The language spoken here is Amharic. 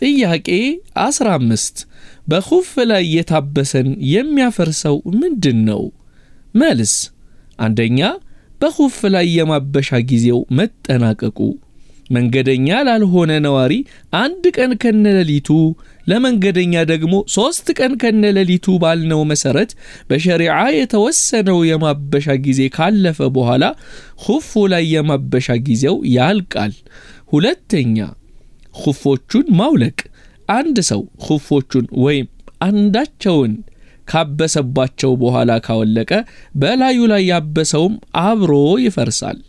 ጥያቄ 15 በኹፍ ላይ የታበሰን የሚያፈርሰው ምንድን ነው? መልስ አንደኛ በኹፍ ላይ የማበሻ ጊዜው መጠናቀቁ መንገደኛ ላልሆነ ነዋሪ አንድ ቀን ከነሌሊቱ ለመንገደኛ ደግሞ ሦስት ቀን ከነሌሊቱ ባልነው መሠረት በሸሪዓ የተወሰነው የማበሻ ጊዜ ካለፈ በኋላ ኹፉ ላይ የማበሻ ጊዜው ያልቃል። ሁለተኛ ሁፎቹን ማውለቅ አንድ ሰው ሁፎቹን ወይም አንዳቸውን ካበሰባቸው በኋላ ካወለቀ በላዩ ላይ ያበሰውም አብሮ ይፈርሳል